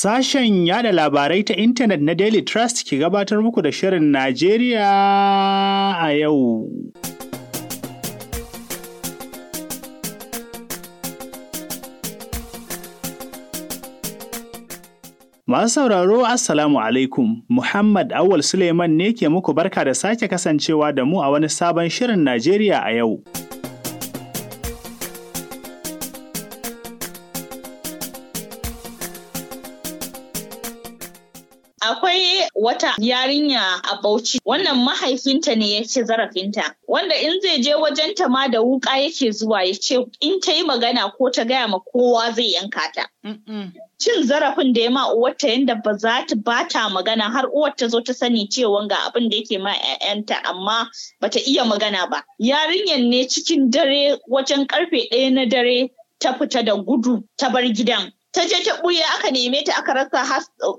Sashen yada labarai ta intanet na Daily Trust ke gabatar muku da Shirin Najeriya a yau. Masu sauraro Assalamu alaikum, Muhammad Awul Suleiman ne ke muku barka da sake kasancewa da mu a wani sabon Shirin Najeriya a yau. wata yarinya a Bauchi wannan mahaifinta ne ya ce zarafinta wanda in zai je wajen ta ma da wuka yake zuwa ya ce in ta yi magana ko ta gaya ma kowa zai yanka ta. Cin zarafin da ya ma uwarta yadda ba za ta ba ta magana har uwar ta zo ta sani cewa ga abin da yake ma 'ya'yanta amma bata iya magana ba. Yarinyar ne cikin dare wajen karfe ɗaya na dare ta fita da gudu ta bar gidan. ta je ta buya aka neme ta aka rasa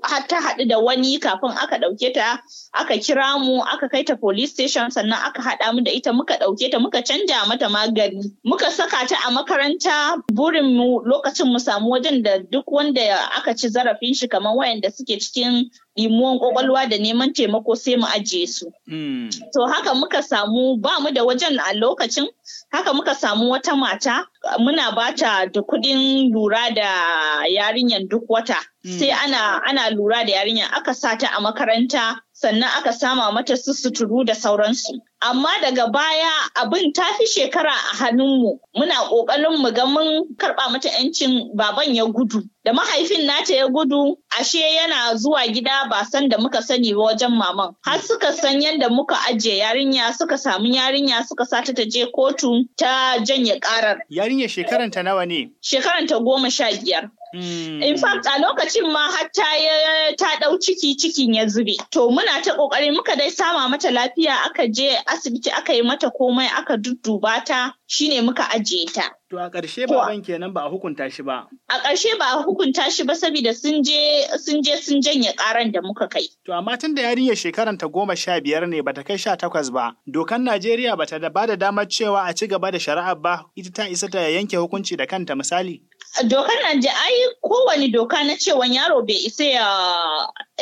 har ta haɗu da wani kafin aka ɗauke ta aka kira mu aka kai ta police station sannan aka haɗa mu da ita muka ɗauke ta muka canja mata magani muka saka ta a makaranta burin mu lokacin mu samu wajen da duk wanda aka ci zarafin shi kamar wayanda suke cikin ɗimuwan ƙwaƙwalwa da neman taimako sai mu ajiye su. Mm. To haka muka samu ba mu da wajen a lokacin haka muka samu wata mata muna bata da kuɗin lura da yarinyar duk wata. Mm. Sai ana, lura da yarinyar aka sata a makaranta sannan aka sama mata su suturu da sauransu. Amma daga baya abin ta fi shekara a hannunmu muna ƙoƙarin mu ga mun karɓa mata 'yancin baban ya gudu. Da mahaifin nata ya gudu ashe yana zuwa gida ba san da muka sani ba wajen maman. Har suka san yadda muka ajiye yarinya suka samu yarinya suka sata ta je kotu ta janye ƙarar. Yarinya shekaranta nawa ne? Shekaranta goma sha biyar. Mm. In fact a lokacin ma hatta ta ɗau ciki cikin ya zube. To muna ta ƙoƙari muka dai sama mata lafiya aka je asibiti aka yi mata komai aka dudduba ta shine muka ajiye ta. To a ƙarshe ba ban kenan ba a hukunta shi ba. A ƙarshe ba a hukunta shi ba saboda sun je sun je sun janye ƙaran da muka kai. To amma tun da yarinyar shekaran ta goma sha biyar ne bata kai sha takwas ba, dokan Najeriya bata da bada damar cewa a ci gaba da shari'a ba ita ta isa ta yanke hukunci da kanta misali. Dokan Najeriya ai kowane doka na cewa yaro bai isa ya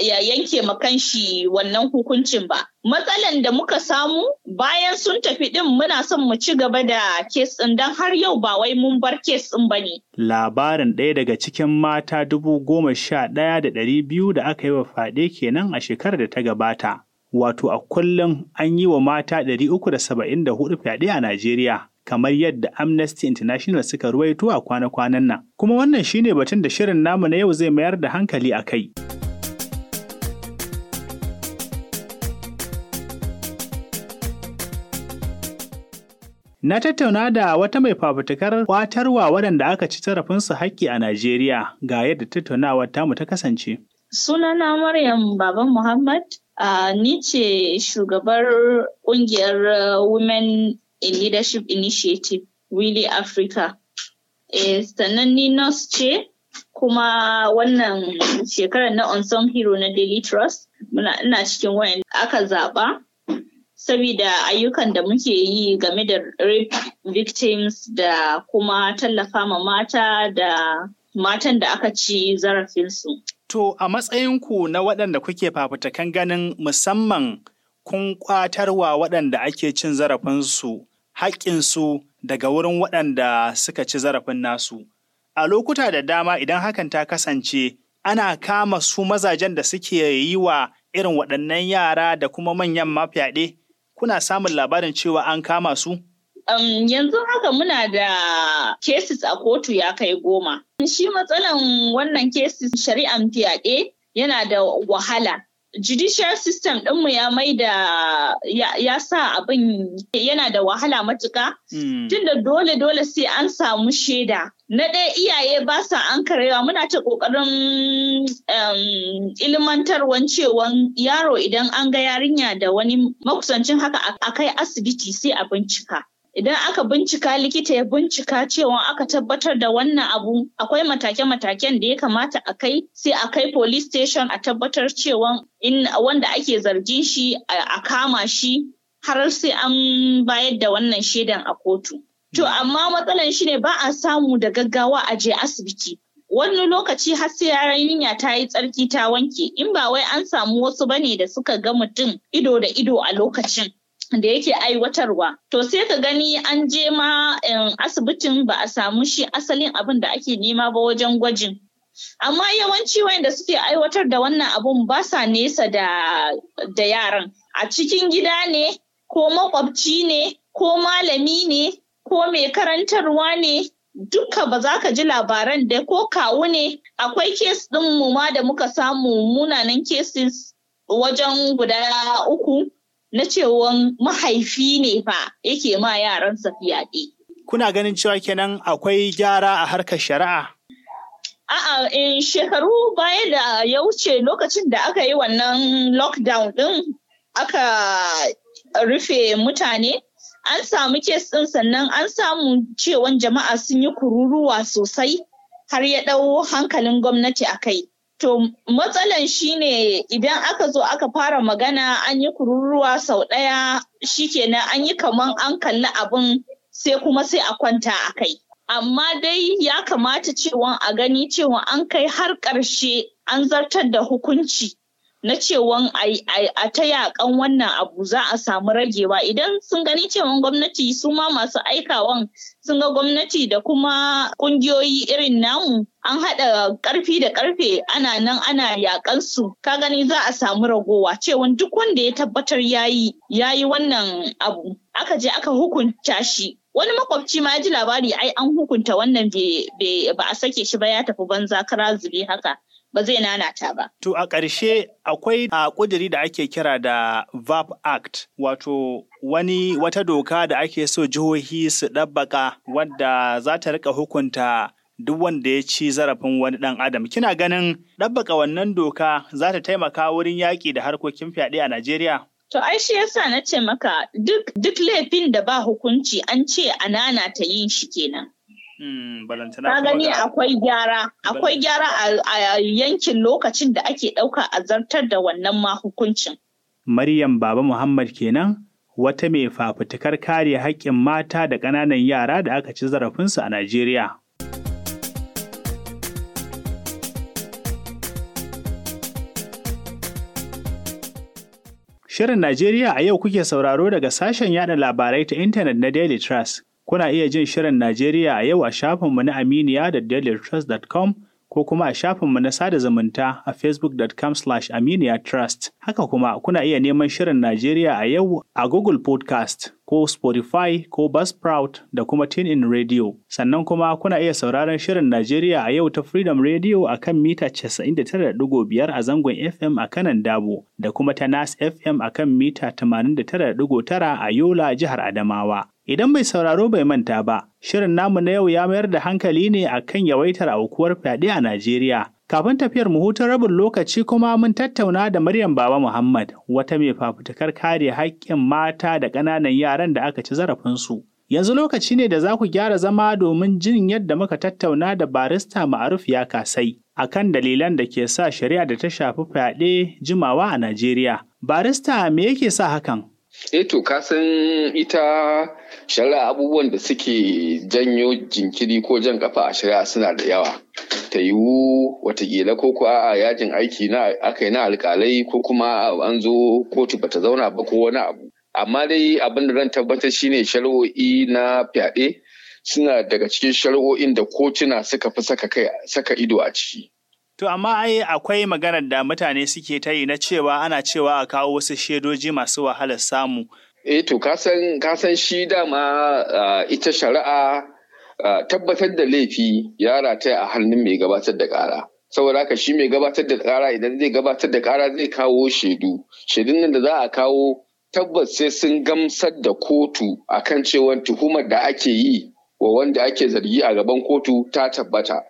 ya yanke shi wannan hukuncin ba. Matsalan da muka samu bayan sun tafi din, muna son mu ci gaba da kes ɗin don har yau ba wai mun bar kes ɗin ba ne. Labarin ɗaya daga cikin mata dubu goma sha ɗaya da ɗari biyu da aka yi wa faɗe kenan a shekarar da ta gabata. Wato a kullum an yi wa mata ɗari uku da saba'in da hudu fyaɗe a Najeriya. kamar yadda Amnesty International suka ruwaito a kwana-kwanan nan. Kuma wannan shine batun da shirin namu na yau zai mayar da hankali a kai. Na tattauna da wata mai fafutukar kwatarwa waɗanda aka ci tarafinsu haƙƙi a Najeriya ga yadda tattaunawar tamu ta kasance. Sunana Maryam Baban Muhammad, uh, ni ce shugabar ƙungiyar uh, Women in Leadership Initiative, Willy Africa. E, sannan ni nurse ce kuma wannan shekarar na Unsung Hero na Daily Trust, ina cikin wayan aka zaɓa saboda ayyukan da muke yi game da rape victims da kuma tallafa ma mata da matan da aka ci zarafinsu. To a matsayinku na waɗanda kuke fafutakan ganin musamman kun ƙwatarwa waɗanda ake cin zarafinsu haƙƙinsu daga wurin waɗanda suka ci zarafin nasu. A lokuta da dama idan hakan ta kasance ana kama su mazajen da suke yi wa irin waɗannan yara da kuma manyan mafyaɗe kuna samun labarin cewa an kama su? Um, yanzu haka muna da cases a kotu ya kai goma. Shi matsalan wannan cases shari'an fyaɗe yana da wahala. judicial system ɗinmu ya maida ya sa abin yana da wahala matuka hmm. tunda dole dole sai an samu shaida na ɗaya iyaye ba sa an karewa muna ta ƙoƙarin ilmantarwan cewan yaro idan an ga yarinya da wani makusancin haka a kai asibiti sai a bincika idan aka bincika likita ya bincika cewa aka tabbatar da wannan abu akwai matake-mataken da ya kamata a kai sai a kai police station a tabbatar cewa wanda ake zargin shi a kama shi har sai an bayar da wannan shaidan a kotu. To hmm. amma matsalan shi ne ba a samu da gaggawa a je asibiti. Wani lokaci har sai yunya ta yi tsarki ta wanke in ba wai an samu wasu bane da suka ga mutum ido da ido a lokacin. da yake aiwatarwa. To sai ka gani an je ma asibitin ba a samu shi asalin abin da ake nema ba wajen gwajin. Amma yawanci wayanda suke aiwatar da wannan abun ba sa nesa da, da yaran. A cikin gida ne, ko makwabci ne, ko malami ne, ko mai karantarwa ne, dukka ba za ka ji labaran da ko kawu ne. Akwai kes ɗin mu ma da muka samu munanan kesis wajen guda uku. na cewan mahaifi ne fa yake ma yaransa fyaɗe. Kuna ganin cewa kenan akwai gyara a harkar shari'a? A'a, in eh, shekaru baya da ya wuce lokacin da aka yi wannan lockdown ɗin aka rufe mutane, an samu kes ɗin sannan an samu cewan jama'a sun yi kururuwa sosai har ya ɗau hankalin gwamnati a kai. To matsalan shine idan aka zo aka fara magana an yi kururuwa sau ɗaya shikenan an yi kaman an kalli abin sai kuma sai a kwanta a kai. Amma dai ya kamata cewa a gani cewa an kai har ƙarshe an zartar da hukunci na cewan a ta yakan wannan abu za a samu ragewa idan sun gani cewan gwamnati su ma masu aikawan sun ga gwamnati da kuma kungiyoyi irin namu an haɗa karfi da karfe ana nan ana yakan su ka gani za a samu ragowa cewan duk wanda ya tabbatar yayi yayi wannan abu aka je aka hukunta shi wani makwabci ma ya ji labari ai an hukunta wannan ba a sake shi ba ya tafi banza kara zube haka ba zai nanata ba. To a ƙarshe akwai a ah, ƙudiri da ake kira da VAP Act wato wani wata doka da ake so jihohi su ɗabbaka wadda za ta rika hukunta duk wanda ya ci zarafin wani ɗan adam. Kina ganin ɗabbaka wannan doka za ta taimaka wurin yaƙi da harkokin fyaɗe a Najeriya? To ai shi yasa na ce maka duk laifin da ba hukunci an ce a nana ta yin shi kenan. Hmm, Ka gani akwai gyara, akwai gyara a yankin lokacin da ake ɗauka a zartar da wannan ma hukuncin. Maryam Baba Muhammad kenan wata mai fafutukar kare haƙƙin mata da ƙananan yara da aka ci zarafinsu a Najeriya. Shirin Najeriya a yau kuke sauraro daga sashen yada labarai ta intanet na Daily Trust. Kuna iya jin Shirin Najeriya a yau a shafinmu na Aminiya da dailytrust.com ko kuma a shafinmu na sada zumunta a facebook.com aminiyatrust. Haka kuma kuna iya neman Shirin Najeriya a yau a Google Podcast ko Spotify ko Buzzsprout da kuma TuneIn Radio. Sannan kuma kuna iya sauraron Shirin Najeriya a yau ta Freedom Radio a kan mita 99.5 a zangon FM a kanan Dabo da kuma ta Nas FM a kan mita 89.9 a Yola, jihar Adamawa. Idan bai sauraro bai manta ba, shirin namu na yau ya mayar da hankali ne a kan yawaitar aukuwar fyaɗe a Najeriya. Kafin tafiyar mu hutun rabin lokaci kuma mun tattauna da Maryam Baba Muhammad, wata mai fafutukar kare haƙƙin mata da ƙananan yaran da aka ci zarafinsu. Yanzu lokaci ne da za ku gyara zama domin jin yadda muka tattauna da barista Ma'aruf ya kasai A kan dalilan da ke sa shari'a da ta shafi fyaɗe jimawa a Najeriya. Barista me yake sa hakan? eh to kasan ita shari'a abubuwan da suke janyo jinkiri ko jan kafa a shari'a suna da yawa ta yiwu watakila ko kuwa a yajin aiki na aka yi na alkalai ko kuma an zo kotu bata zauna ba ko wani abu amma dai abin da zan tabbatar shine shari'o'i na fyaɗe suna daga cikin shari'o'in da kotuna suka fi saka ido a ciki To amma ai akwai maganar da mutane suke ta yi na cewa ana cewa a kawo wasu shedoji masu wahalar samu. E, to kasan shi dama ita shari'a tabbatar da laifi ya rataya a hannun mai gabatar da ƙara. saboda haka shi mai gabatar da kara idan zai gabatar da kara zai kawo shaidu shaidun nan da za a kawo tabbas sai sun gamsar da kotu akan cewa tuhumar da ake yi wa wanda ake zargi a gaban kotu ta tabbata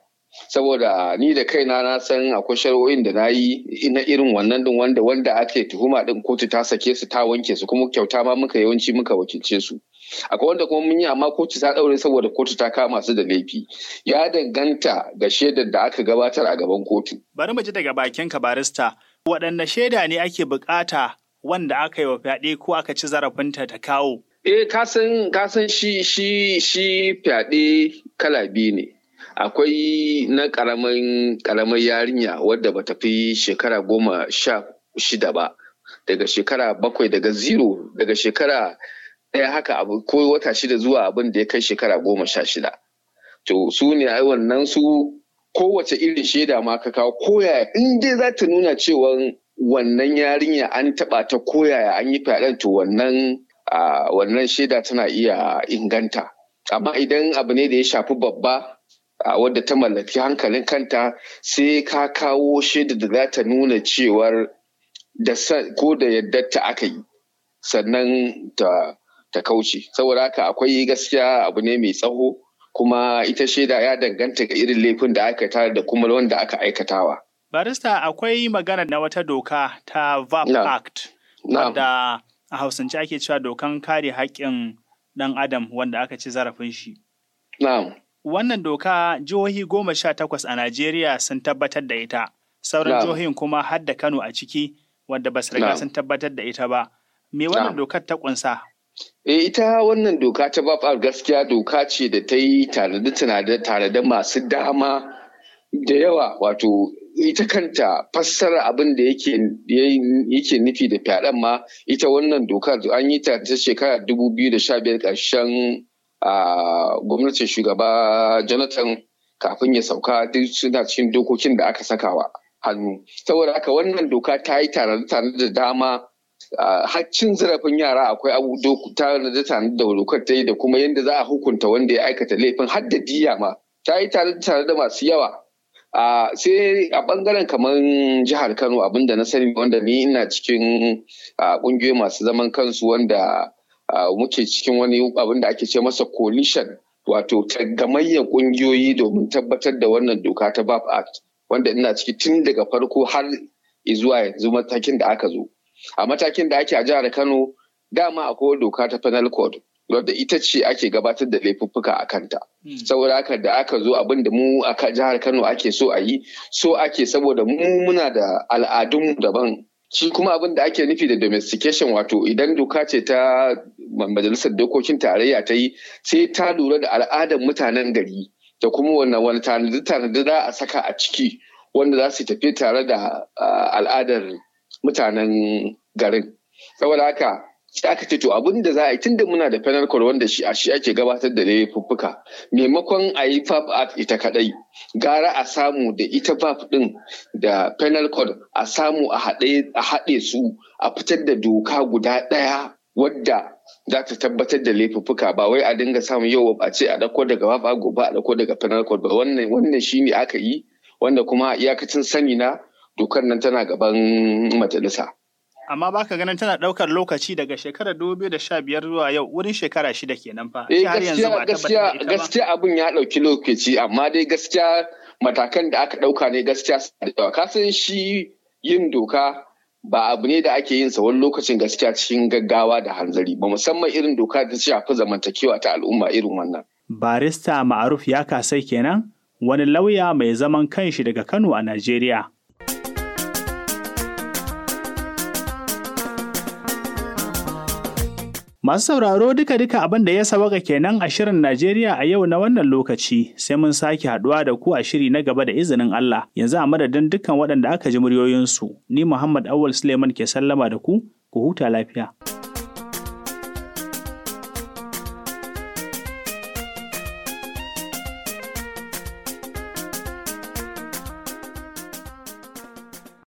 saboda ni da kaina na san akwai shari'o'in da na yi na irin wannan din wanda wanda ake tuhuma din kotu ta sake su ta wanke su kuma kyauta ma muka yawanci muka wakilce su akwai wanda kuma mun yi amma kotu ta daure saboda kotu ta kama su da laifi ya danganta ga shaidar da aka gabatar a gaban kotu bari mu ji daga bakin ka barista waɗanne shaida ne ake bukata wanda aka yi wa fyaɗe ko aka ci zarafinta ta kawo eh kasan kasan shi shi shi fyaɗe kala biyu ne akwai na karamin karamar yarinya wadda bata fi shekara goma sha shida ba daga shekara bakwai daga zero daga shekara ɗaya haka abu ko wata shida zuwa abin da ya kai shekara goma sha shida to su ne ai wannan su kowace irin shaida ma ka kawo koya in dai za ta nuna cewa wannan yarinya an taɓa ta koyaya an yi fyaɗen to wannan wannan shaida tana iya inganta amma idan abu ne da ya shafi babba A wadda ta mallaki hankalin kanta sai ka kawo shaida da za ta nuna cewar da ko da yadda ta aka yi sannan ta kauce saboda haka akwai gaskiya abu ne mai tsaho kuma ita shaida ya danganta ga irin laifin da aka tare da kuma wanda aka aikatawa barista akwai magana na wata doka ta VAP Act wadda a hausance ake cewa dokan kare haƙƙin ɗan adam wanda aka ci zarafin shi no. Wannan doka jihohi goma sha takwas a Najeriya sun tabbatar da ita, sauran jihohin kuma har da Kano a ciki wanda ba su riga sun tabbatar da ita ba. Me wannan dokar ta kunsa? E, eh, ita wannan doka ta babar gaskiya doka ce da ta yi tare da masu dama da yawa wato ita kanta fassara abin da yake nufi da fyaɗen ma ita wannan dokar an yi ta ta shekara 2015 ƙarshen a gwamnatin shugaba jonathan kafin ya sauka duk suna cikin dokokin da aka saka wa hannu saboda haka wannan doka ta yi tare da dama haccin zarafin yara akwai abu tare da tare da dokar ta yi da kuma yadda za a hukunta wanda ya aikata laifin har diya ma ta yi tare da masu yawa sai a bangaren kamar jihar kano abinda na sani wanda ni ina cikin ƙungiyoyi masu zaman kansu wanda muke cikin wani abin da ake ce masa coalition wato ta gamayyar ƙungiyoyi domin tabbatar da wannan doka ta BAP Act wanda ina ciki tun daga farko har zuwa yanzu matakin da aka zo. A matakin da ake a jihar Kano dama akwai doka ta penal code wadda ita ce ake gabatar da laifuffuka a kanta. Hmm. Saboda haka da aka zo abin da mu a jihar Kano ake so a yi, so ake saboda mu muna da al'adun daban Shi kuma abin da ake nufi da domestication wato idan doka ce ta majalisar dokokin tarayya ta yi sai ta lura da al'adar mutanen gari da kuma wani tanadi za a saka a ciki wanda za su tafi tare da ah, al'adar mutanen garin. Saboda haka shi aka ce to abin da za a yi tun da muna da fenar code wanda shi a shi ake gabatar da laifuffuka maimakon a yi fab art ita kadai gara a samu da ita fab din da fenar code a samu a haɗe su a fitar da doka guda ɗaya wadda za ta tabbatar da laifuffuka ba wai a dinga samun yau a ce a ɗauko daga fab a gobe a ɗauko daga fenar code ba wannan wannan ne aka yi wanda kuma iyakacin sani na dokar nan tana gaban majalisa amma baka ganin tana ɗaukar lokaci daga shekarar biyar zuwa yau wurin shekara shida ke nan fa eh gaskiya abin ya ɗauki lokaci amma dai gaskiya matakan da aka ɗauka ne gaskiya da yawa kasan shi yin doka ba abu ne da ake yin sa wani lokacin gaskiya cikin gaggawa da hanzari ba musamman irin doka da shafi zamantakewa ta al'umma irin wannan barista ma'aruf ya kasai kenan wani lauya mai zaman kanshi daga Kano a Najeriya Masu sauraro duka-duka abin da ya sabaka kenan a shirin Najeriya a yau na wannan lokaci sai mun sake haduwa da ku a shiri na gaba da izinin Allah yanzu a madadin dukkan waɗanda aka ji muryoyinsu ni Muhammad Awul Suleiman ke sallama da ku ku huta lafiya.